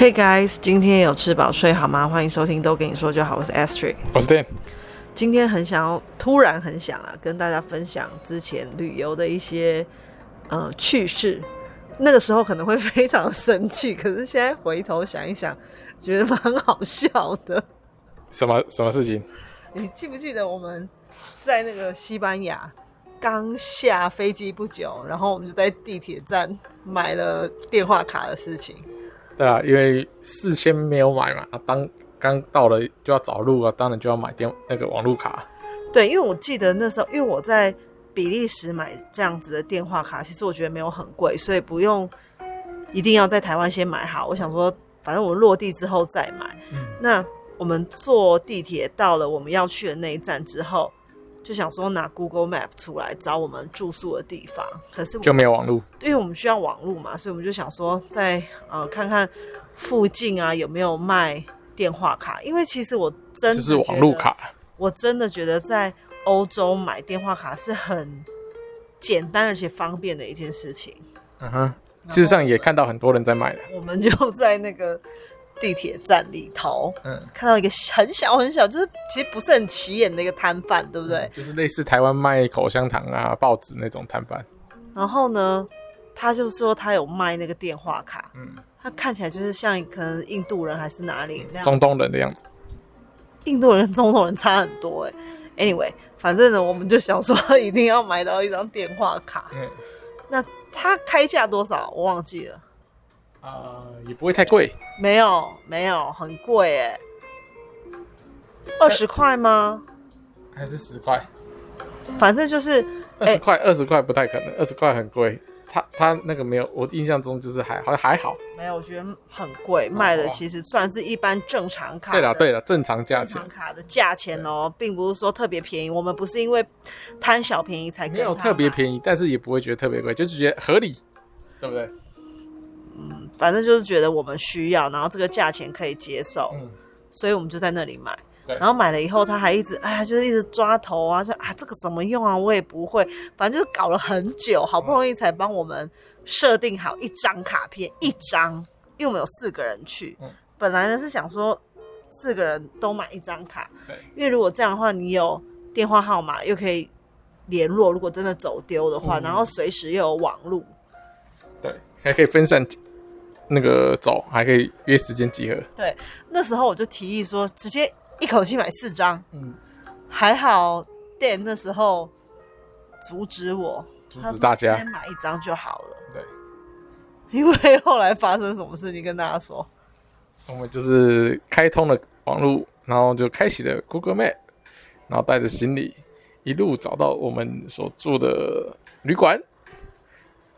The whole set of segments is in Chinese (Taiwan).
Hey guys，今天有吃飽睡好嗎？歡迎收聽都跟你說就好，我是 Astrid，我是 Dean。First time. 今天很想要，突然很想啊，跟大家分享之前旅遊的一些呃趣事。那個時候可能會非常生氣，可是現在回頭想一想，覺得蠻好笑的。什麼什麼事情？你記不記得我們在那個西班牙剛下飛機不久，然後我們就在地鐵站買了電話卡的事情？對啊，因為事先沒有買嘛，當剛到了就要找路啊，當然就要買電那個網絡卡。對，因為我記得那時候，因為我在比利時買這樣子的電話卡，其實我覺得沒有很貴，所以不用一定要在台灣先買好。我想說，反正我們落地之後再買。嗯、那我們坐地鐵到了我們要去的那一站之後。就想說拿 Google Map 出來找我們住宿的地方，可是我就沒有網絡，對，我們需要網絡嘛，所以我們就想說在呃看看附近啊有沒有賣電話卡，因為其實我真的就是網絡卡，我真的覺得在歐洲買電話卡是很簡單而且方便的一件事情。嗯哼，事實上也看到很多人在賣了，我們，我們就在那個。地鐵站裡頭，嗯，看到一個很小很小，就是其實不是很起眼的一個攤販，對不對？嗯，就是類似台灣賣口香糖啊、報紙那種攤販。然後呢，他就說他有賣那個電話卡，嗯，他看起來就是像可能印度人還是哪裡，嗯，那樣中東人的樣子。印度人跟中東人差很多哎，欸。Anyway，反正呢，我們就想說一定要買到一張電話卡。嗯，那他開價多少？我忘記了。呃，也不會太貴，沒有，沒有，很貴哎、欸，二十塊嗎？還是十塊？反正就是二十塊，二十塊不太可能，二十塊很貴。他他那個沒有，我印象中就是還好像還好，沒有，我覺得很貴，賣的其實算是一般正常卡、嗯啊。對了對了，正常價錢正常卡的價錢哦、喔，對並不是說特別便宜。我們不是因為貪小便宜才沒有特別便宜，但是也不會覺得特別貴，就是覺得合理，對不對？嗯嗯，反正就是覺得我們需要，然後這個價錢可以接受，嗯、所以我們就在那裡買。對然後買了以後，他還一直哎，就是一直抓頭啊，說啊這個怎麼用啊，我也不會。反正就是搞了很久，好不容易才幫我們設定好一張卡片，嗯、一張。因為我們有四個人去，嗯、本來呢是想說四個人都買一張卡，對，因為如果這樣的話，你有電話號碼又可以聯絡，如果真的走丟的話，嗯、然後隨時又有網路，對，還可以分散。那個走還可以約時間集合。對，那時候我就提議說，直接一口氣買四張。嗯，還好 Dan 那時候阻止我，阻止大家，他說先買一張就好了。對，因為後來發生什麼事情你跟大家說？我們就是開通了網絡，然後就開啟了 Google Map，然後帶着行李一路找到我們所住的旅館。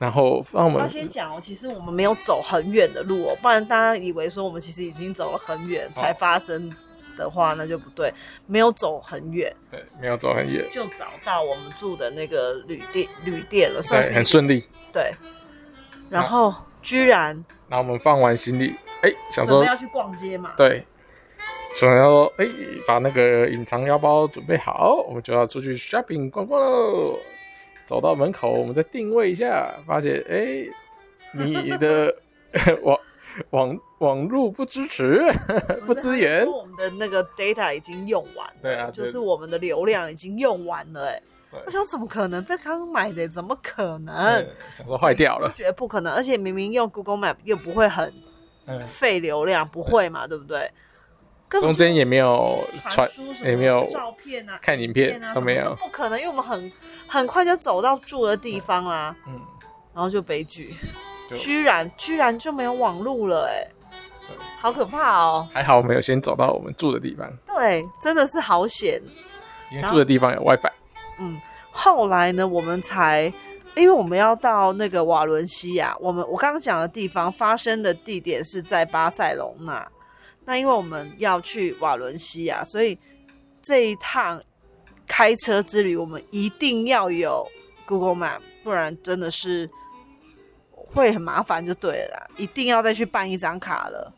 然後放我們。我先講哦，其實我們沒有走很遠的路哦，不然大家以為說我們其實已經走了很遠才發生的話，哦、那就不對，沒有走很遠。對，沒有走很遠。就找到我們住的那個旅店，旅店了，所以很順利。對。然後、啊、居然。那我們放完行李，哎，想說要去逛街嘛？對。想要說，哎，把那個隱藏腰包準備好，我們就要出去 shopping 逛逛嘍。走到門口，我們再定位一下，發現哎、欸，你的 網網網路不支持，不支是援， 源我們的那個 data 已經用完了，對啊，對就是我們的流量已經用完了，哎對，我想怎麼可能？這剛買的怎麼可能？想說壞掉了，覺得不可能，而且明明用 Google Map 又不會很費流量，嗯、不會嘛， 對不對？中間也沒有傳輸也沒有照片啊，看影片啊都沒有，不可能，因為我們很很快就走到住的地方啊。嗯，嗯然後就悲劇，就居然居然就沒有網路了、欸，哎、嗯，好可怕哦、喔。還好我們有先走到我們住的地方。對，真的是好險。因為住的地方有 WiFi。嗯，後來呢，我們才因為我們要到那個瓦倫西亞，我們我剛剛講的地方發生的地點是在巴塞隆納。那因為我們要去瓦倫西亞，所以這一趟開車之旅，我們一定要有 Google Map，不然真的是會很麻煩，就對了。一定要再去辦一張卡了。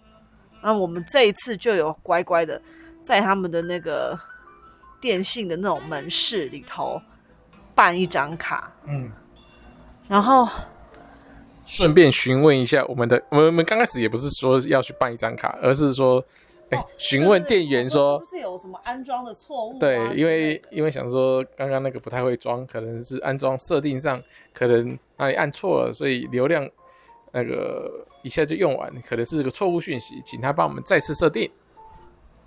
那我們這一次就有乖乖的在他們的那個電信的那種門市裡頭辦一張卡。嗯，然後。順便詢問一下我們的，我們我們剛開始也不是說要去辦一張卡，而是說，哎，詢問店員說，是有什麼安裝的錯誤？對，因為因為想說剛剛那個不太會裝，可能是安裝設定上可能哪裡按錯了，所以流量那個一下就用完，可能是個錯誤訊息，請他幫我們再次設定。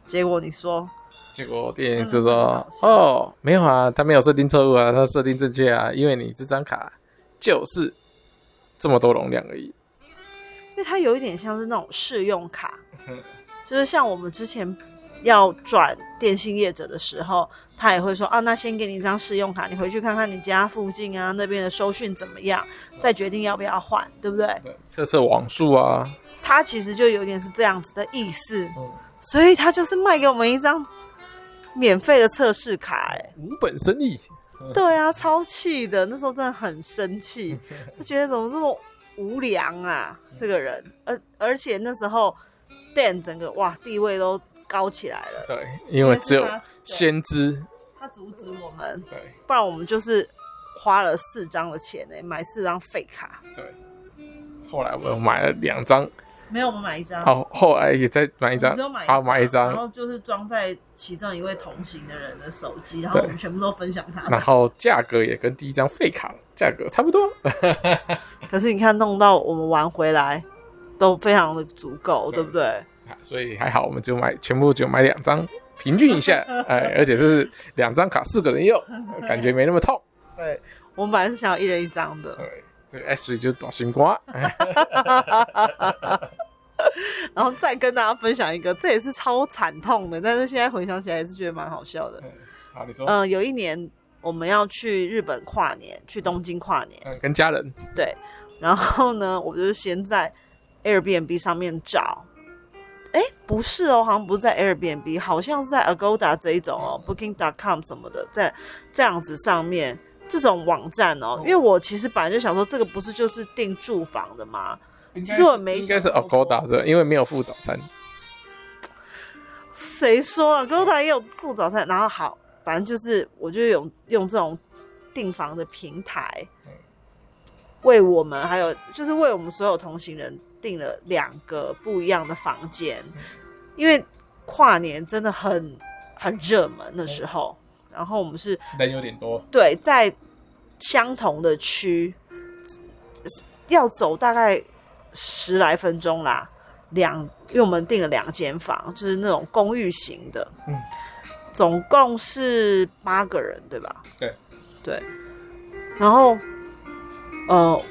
結果你說，結果店員就是說，哦，沒有啊，他沒有設定錯誤啊，他設定正確啊，因為你這張卡就是。這麼多容量而已，因為它有一點像是那種試用卡， 就是像我們之前要轉電信業者的時候，他也會說啊，那先給你一張試用卡，你回去看看你家附近啊那邊的收訊怎麼樣，嗯、再決定要不要換，嗯、對不對？測測網速啊。他其實就有一點是這樣子的意思，嗯、所以他就是賣給我們一張免費的測試卡。欸，哎，無本生意。 對啊，超氣的，那時候真的很生氣，他覺得怎麼這麼無良啊，這個人。而而且那時候，Dan 整個哇地位都高起來了。對，因為只有先知，他，他阻止我們，對不然我們就是花了四張的錢呢，買四張廢卡。對，後來我又買了兩張。沒有，我們買一張。好，後來也再買一張。只買一張，一張，然後就是裝在其中一位同行的人的手機，對然後我們全部都分享它。然後價格也跟第一張廢卡價格差不多。 可是你看，弄到我們玩回來都非常的足夠，對，對不對？所以還好，我們就買全部就買兩張，平均一下， 哎，而且這是兩張卡四個人用，對感覺沒那麼痛。對，我們本來是想要一人一張的。對。哎水就打西瓜， 然後再跟大家分享一個，這也是超慘痛的，但是現在回想起來還是覺得蠻好笑的。嗯，好，你說，嗯，有一年我們要去日本跨年，去東京跨年，嗯、跟家人。對，然後呢，我就先在 Airbnb 上面找，哎、欸，不是哦，好像不是在 Airbnb，好像是在 Agoda 這一種哦、嗯、，Booking.com 什麼的，在這樣子上面。這種網站、喔、哦，因為我其實本來就想說，這個不是就是訂住房的嗎？其實我沒想說應該是 Agoda 因為沒有付早餐。誰說啊？Agoda 也有付早餐。嗯、然後好，反正就是我就用用這種訂房的平台，嗯、為我們還有就是為我們所有同行人訂了兩個不一樣的房間，嗯、因為跨年真的很很熱門的、嗯、時候。然後我們是人有點多，對，在相同的區要走大概十來分鐘啦。兩因為我們訂了兩間房，就是那種公寓型的，嗯，總共是八個人，對吧？對對。然後呃，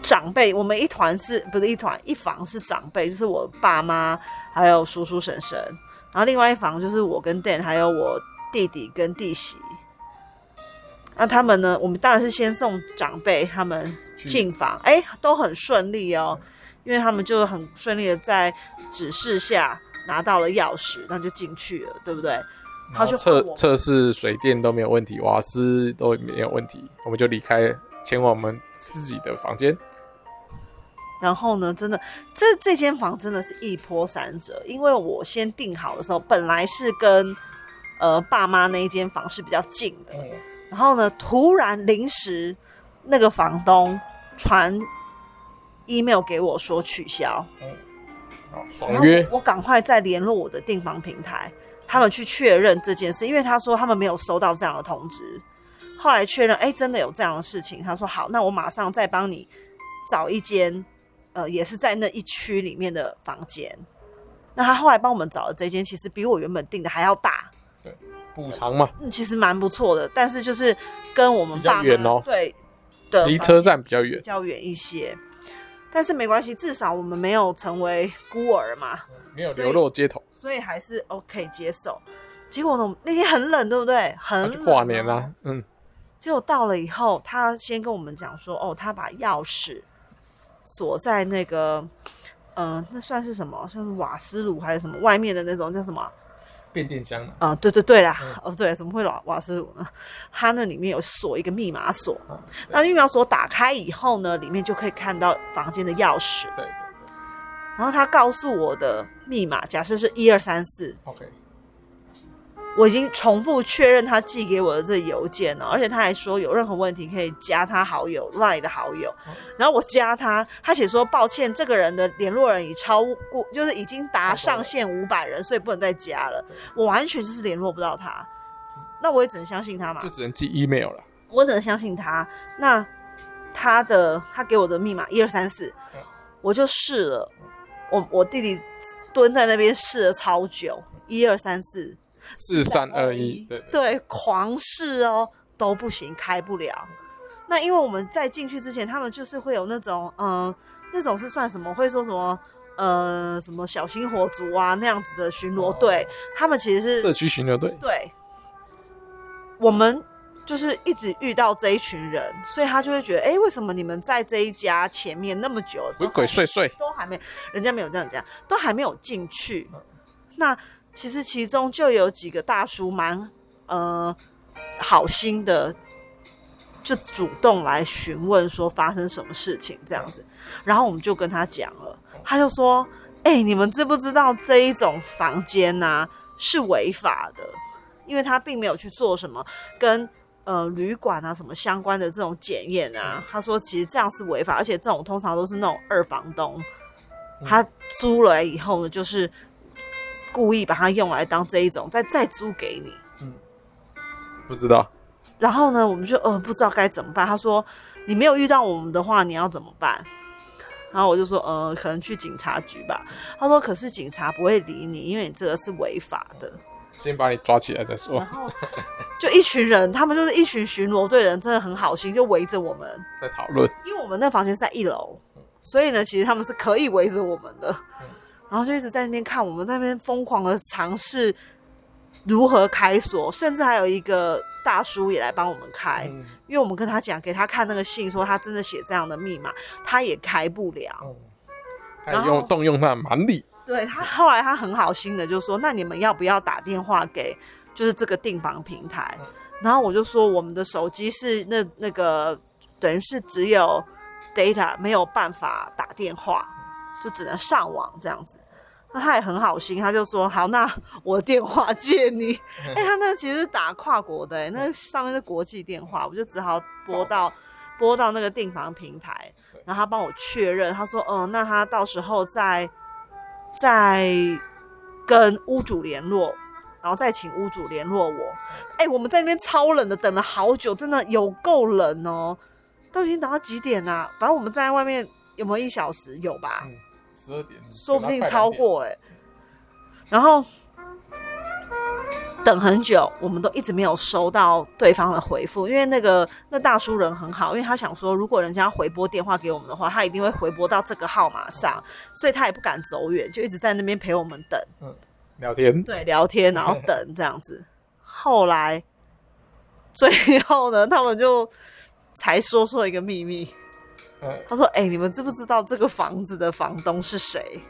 長輩我們一團是不是一團？一房是長輩，就是我爸媽還有叔叔嬸嬸。然後另外一房就是我跟 Dan 還有我。弟弟跟弟媳，那他們呢？我們當然是先送長輩他們進房，哎去、欸，都很順利哦、喔，因為他們就很順利的在指示下拿到了鑰匙，那就進去了，對不對？他就測測試水電都沒有問題，瓦斯都沒有問題，我們就離開，前往我們自己的房間。然後呢，真的，這這間房真的是一波三折，因為我先訂好的時候，本來是跟。呃，爸媽那一間房是比較近的。然後呢，突然臨時，那個房東傳 email 給我說取消。嗯。爽約。我趕快再聯絡我的訂房平台，他們去確認這件事，因為他說他們沒有收到這樣的通知。後來確認，哎、欸，真的有這樣的事情。他說好，那我馬上再幫你找一間，呃，也是在那一區裡面的房間。那他後來幫我們找的這間，其實比我原本訂的還要大。補償嘛，嗯，其實蠻不錯的，但是就是跟我們爸媽遠哦，對，的離車站比較遠，比較遠一些，但是沒關係，至少我們沒有成為孤兒嘛，嗯、沒有流落街頭所，所以還是 OK 接受。結果呢，那天很冷，對不對？很冷、啊、跨年啦，嗯。結果到了以後，他先跟我們講說，哦，他把鑰匙鎖在那個，嗯、呃，那算是什麼？算是瓦斯爐還是什麼？外面的那種叫什麼？變電箱啊、呃，對對對啦，嗯、哦對，怎麼會老哇是，師，他那裡面有鎖一個密碼鎖，那密碼鎖打開以後呢，裡面就可以看到房間的鑰匙。對對對，對對對然後他告訴我的密碼，假設是一二三四。OK。我已經重複確認他寄給我的這個郵件了，而且他還說有任何問題可以加他好友 LINE 的好友。嗯、然後我加他，他寫說抱歉，這個人的聯絡人已超過，就是已經達上限五百人，所以不能再加了。嗯、我完全就是聯絡不到他，那我也只能相信他嘛，就只能寄 email 了。我只能相信他。那他的他給我的密碼一二三四，嗯、我就試了。我我弟弟蹲在那邊試了超久，一二三四。四三二一，對，狂試哦都不行，開不了。那因為我們在進去之前，他們就是會有那種，嗯、呃，那種是算什麼？會說什麼，呃，什麼小心火燭啊那樣子的巡邏隊。哦、他們其實是社區巡邏隊。對，我們就是一直遇到這一群人，所以他就會覺得，哎、欸，為什麼你們在這一家前面那麼久？鬼鬼祟祟都還沒，人家沒有這樣講，都還沒有進去。嗯、那。其實其中就有幾個大叔蠻呃好心的，就主動來詢問說發生什麼事情這樣子，然後我們就跟他講了，他就說：“欸，你們知不知道這一種房間呢是違法的？因為他並沒有去做什麼跟呃旅館啊什麼相關的這種檢驗啊。”他說：“其實這樣是違法，而且這種通常都是那種二房東，他租了以後呢，就是。”故意把它用來當這一種，再再租給你。嗯，不知道。然後呢，我們就呃不知道該怎麼辦。他說：“你沒有遇到我們的話，你要怎麼辦？”然後我就說：“呃，可能去警察局吧。”他說：“可是警察不會理你，因為你這個是違法的。先把你抓起來再說。”就一群人，他們就是一群巡邏隊人，真的很好心，就圍着我們，在討論。因為我們那房間是在一樓，所以呢，其實他們是可以圍着我們的。嗯。然後就一直在那邊看，我們在那邊瘋狂的嘗試如何開鎖，甚至還有一個大叔也來幫我們開，嗯、因為我們跟他講，給他看那個信，說他真的寫這樣的密碼，他也開不了。嗯、他用然後動用他的蠻力。對，他後來他很好心的就說：“那你們要不要打電話給，就是這個訂房平台？”嗯、然後我就說：“我們的手機是那那個，等於是只有 data 沒有辦法打電話。”就只能上網這樣子，那他也很好心，他就說好，那我的電話借你。哎、 欸，他那其實打跨國的、欸，那上面是國際電話，嗯、我就只好撥到撥、哦、到那個訂房平台，然後他幫我確認，他說，嗯、呃，那他到時候再再跟屋主聯絡，然後再請屋主聯絡我。哎、嗯欸，我們在那邊超冷的，等了好久，真的有夠冷哦、喔。都已經等到幾點啦？、啊？反正我們站在外面有沒有一小時？有吧？嗯說不定超過哎、欸，然後等很久，我們都一直沒有收到對方的回復，因為那個那大叔人很好，因為他想說，如果人家回撥電話給我們的話，他一定會回撥到這個號碼上，所以他也不敢走遠，就一直在那邊陪我們等。嗯，聊天。對，聊天，然後等這樣子。後來最後呢，他們就才說出了一個秘密。他說：“哎、欸，你們知不知道這個房子的房東是誰？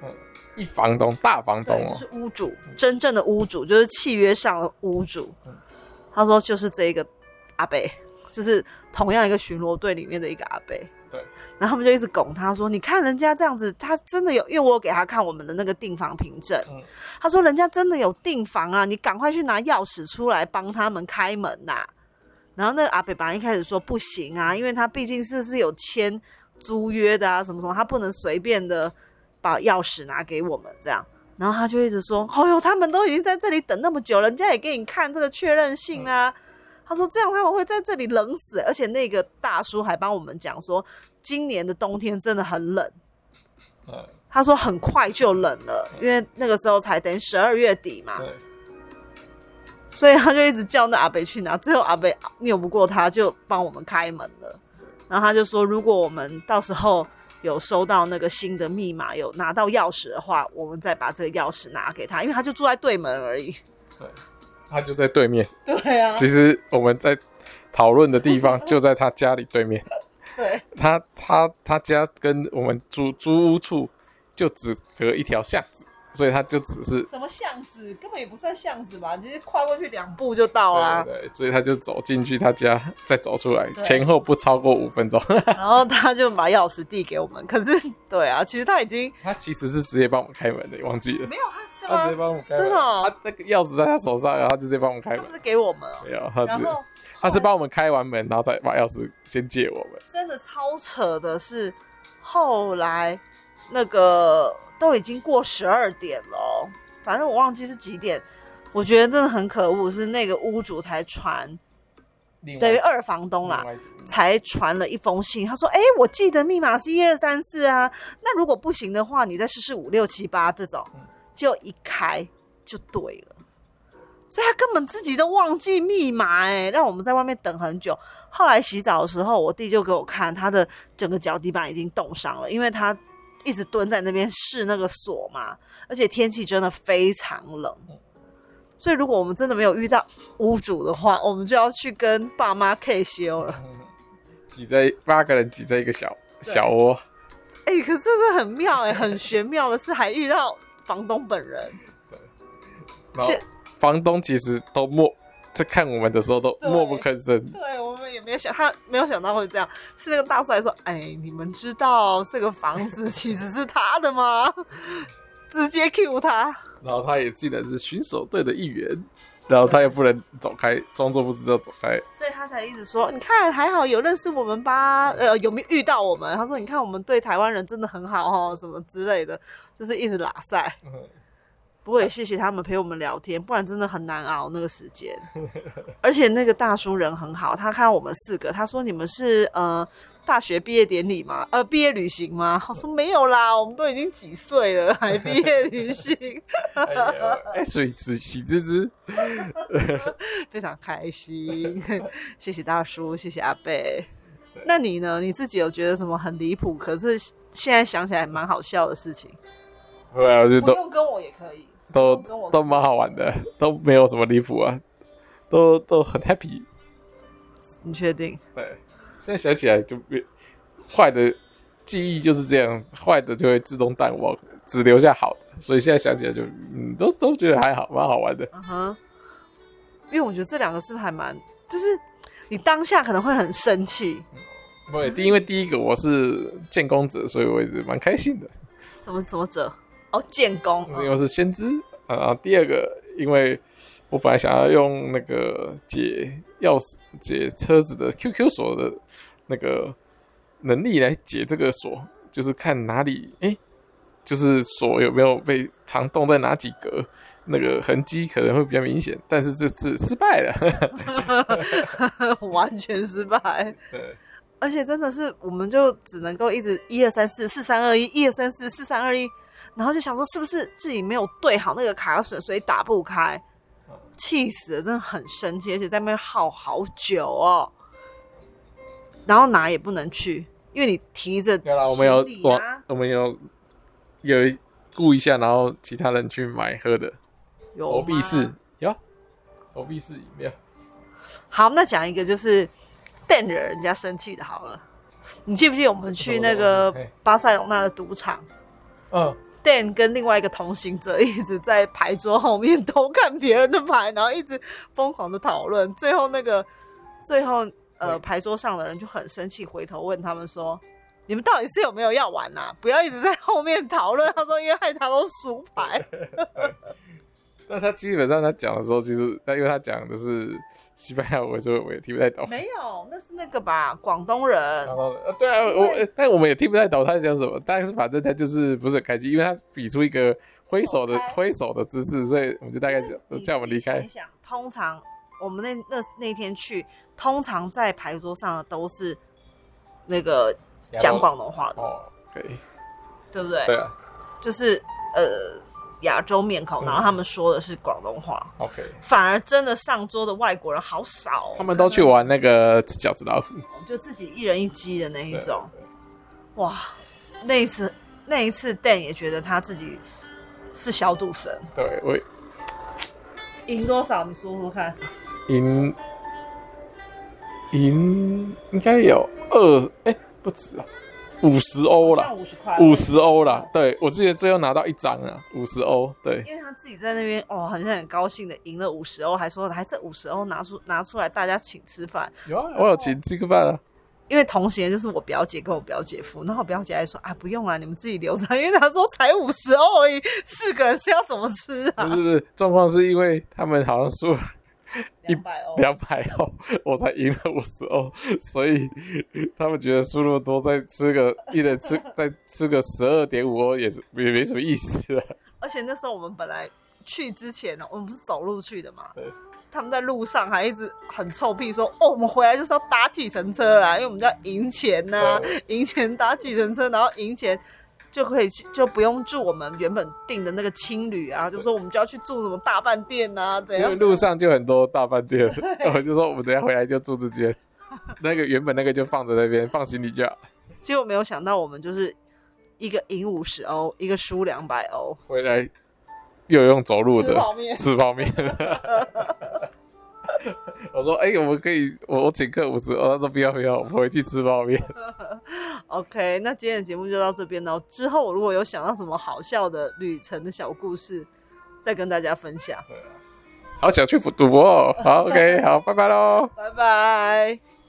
一房東，大房東哦，就是屋主，真正的屋主，就是契約上的屋主。嗯”他說：“就是這個阿伯，就是同樣一個巡邏隊裡面的一個阿伯。”對。然後他們就一直拱他，說：“你看人家這樣子，他真的有。”因為我有給他看我們的那個訂房憑證。嗯、他說：“人家真的有訂房啊，你趕快去拿鑰匙出來幫他們開門吶、啊！”然後那個阿伯本來一開始說：“不行啊，因為他畢竟是是有簽。”租約的啊，什麼什麼，他不能隨便的把鑰匙拿給我們這樣，然後他就一直說：“哦喲，他們都已經在這裡等那麼久了，人家也給你看這個確認信啊。嗯”他說：“這樣他們會在這裡冷死、欸，而且那個大叔還幫我們講說，今年的冬天真的很冷。嗯”他說：“很快就冷了，嗯、因為那個時候才等於十二月底嘛。對”所以他就一直叫那阿北去拿，最後阿北拗不過他，就幫我們開門了。然後他就說，如果我們到時候有收到那個新的密碼，有拿到鑰匙的話，我們再把這個鑰匙拿給他，因為他就住在對門而已。對，他就在對面。對啊，其實我們在討論的地方就在他家裡對面。 對，他他他家跟我們租租屋處就只隔一條巷子。所以他就只是什麼巷子，根本也不算巷子吧，直接跨過去兩步就到啦、啊。對，對，對，所以他就走進去他家，再走出來，對前後不超過五分鐘。然後他就把鑰匙遞給我們， 可是對啊，其實他已經他其實是直接幫我們開門的，你忘記了？沒有，他是他直接幫我們開門真的，喔，他那個鑰匙在他手上，然後他就直接幫我們開門，他不是給我們，喔。沒有，他是然後，後來他是幫我們開完門，然後再把鑰匙先借我們。真的超扯的是，後來那個。都已經過十二點了，哦，反正我忘記是幾點。我覺得真的很可惡，是那個屋主才傳，等於二房東啦，才傳了一封信。他說：“哎、欸，我記得密碼是一二三四啊，那如果不行的話，你再試試五六七八這種。”就一開就對了，嗯，所以他根本自己都忘記密碼，欸，誒，讓我們在外面等很久。後來洗澡的時候，我弟就給我看他的整個腳底板已經凍傷了，因為他。一直蹲在那邊試那個鎖嘛，而且天氣真的非常冷，所以如果我們真的沒有遇到屋主的話，我們就要去跟爸媽 K 修了。擠在八個人擠在一個小對小窩窩。哎、欸，可是真的很妙哎、欸，很玄妙的是還遇到房東本人。 然後房東其實都沒。在看我們的時候都默不吭聲。對，我們也沒有想，他沒有想到會這樣。是那個大叔說：“哎、欸，你們知道這個房子其實是他的嗎？” 直接 Q 他。然後他也既然是巡守隊的一員，然後他也不能走開，裝 作不知道走開。所以他才一直說：“你看，還好有認識我們吧？呃，有沒有遇到我們？”他說：“你看，我們對台灣人真的很好哦。”什麼之類的，就是一直拉賽 我也謝謝他們陪我們聊天，不然真的很難熬那個時間。而且那個大叔人很好，他看我們四個，他說你們是呃大學畢業典禮嗎？呃畢業旅行嗎？我說沒有啦，我們都已經幾歲了還畢業旅行？哎，所以是喜滋滋，非常開心。謝謝大叔，謝謝阿伯。那你呢？你自己有覺得什麼很離譜，可是現在想起來蠻好笑的事情？對啊，就不用跟我也可以。都都蠻好玩的，都沒有什麼離譜啊，都都很 happy。你確定？對，現在想起來就別壞的記憶就是這樣，壞的就會自動淡忘，只留下好的，所以現在想起來就嗯，都都覺得還好，蠻好玩的。嗯哼、uh。Huh. 因為我覺得這兩個是不是還蠻，就是你當下可能會很生氣。對，因為第一個我是建功者，所以我也是蠻開心的。嗯、什麼作者？哦，oh, 建功，哦，因為我是先知啊。第二個，因為我本來想要用那個解鑰匙、解車子的 QQ 鎖的，那個能力來解這個鎖，就是看哪裡誒，就是鎖有沒有被藏動在哪幾格，那個痕跡可能會比較明顯。但是這次失敗了， 完全失敗。對，而且真的是，我們就只能夠一直一二三四四三二一，一二三四四三二一。然後就想說，是不是自己沒有對好那個卡榫，所以打不開？氣死了，真的很生氣，而且在那邊耗好久哦。然後哪也不能去，因為你提着。我們有我，我們有有顧一下，然後其他人去買喝的。有歐碧士，有歐碧士飲料。好，那講一個就是瞪着人家生氣的好了。你記不記得我們去那個巴塞隆納的賭場嗯嗯？嗯。Dan 跟另外一個同行者一直在牌桌後面偷看別人的牌，然後一直瘋狂的討論。最後那個最後呃牌桌上的人就很生氣，回頭問他們說：“你們到底是有沒有要玩啊？不要一直在後面討論。” 他說：“因為害他都輸牌。 ”那他基本上他講的時候，其實他因為他講的是西班牙文，我就我也聽不太懂。沒有，那是那個吧，廣東人。啊對啊，為我但我們也聽不太懂他在講什麼。但是反正他就是不是很開心，因為他比出一個揮手的 Okay. 揮手的姿勢，所以我們就大概叫我們離開。你想，通常我們那那那天去，通常在牌桌上都是那個講廣東話的哦，對，okay，對不對？對啊，就是呃。亞洲面孔，然後他們說的是廣東話、嗯、，OK，反而真的上桌的外國人好少，哦，他們都去玩那個吃角子老虎，就自己一人一機的那一種，對對對，哇，那一次那一次 Dan 也覺得他自己是小賭神，對，我贏多少，你說說看，贏，贏應該有二、欸，不止啊。五十歐啦，五十歐啦，對，對，對，我記得最後拿到一張啊，五十歐。對，因為他自己在那邊哦，好像很高興的贏了五十歐，還說還剩五十歐，拿出拿出來大家請吃飯。有啊，後我有請吃個飯啊。因為同行就是我表姐跟我表姐夫，然後我表姐還說啊，不用了、啊，你們自己留着，因為他說才五十歐而已，四個人是要怎麼吃啊？不是，不是，狀況是因為他們好像說兩百歐，我才贏了五十歐，所以他們覺得輸那麼多，再吃個一人吃再吃個十二點五歐，也是也沒什麼意思了。而且那時候我們本來去之前呢，我們不是走路去的嘛？對他們在路上還一直很臭屁說：“哦，我們回來就是要搭計程車啦，因為我們要贏錢吶、啊，贏、哦、錢搭計程車，然後贏錢。”就可以就不用住我們原本訂的那個青旅啊，就說我們就要去住什麼大飯店啊，這對樣，因為路上就很多大飯店，對我就說我們等一下回來就住這間。 那個原本那個就放在那邊放行李架。結果沒有想到，我們就是一個贏五十歐，一個輸兩百歐，回來又用走路的吃泡面。 我說：“哎、欸，我們可以，我，我請客五十。哦”他說：“不要不要，我回去吃泡麵。” OK，那今天的節目就到這邊嘍。之後我如果有想到什麼好笑的旅程的小故事，再跟大家分享。對啊、好想去賭博、哦好。OK，好， 拜拜嘍，拜拜。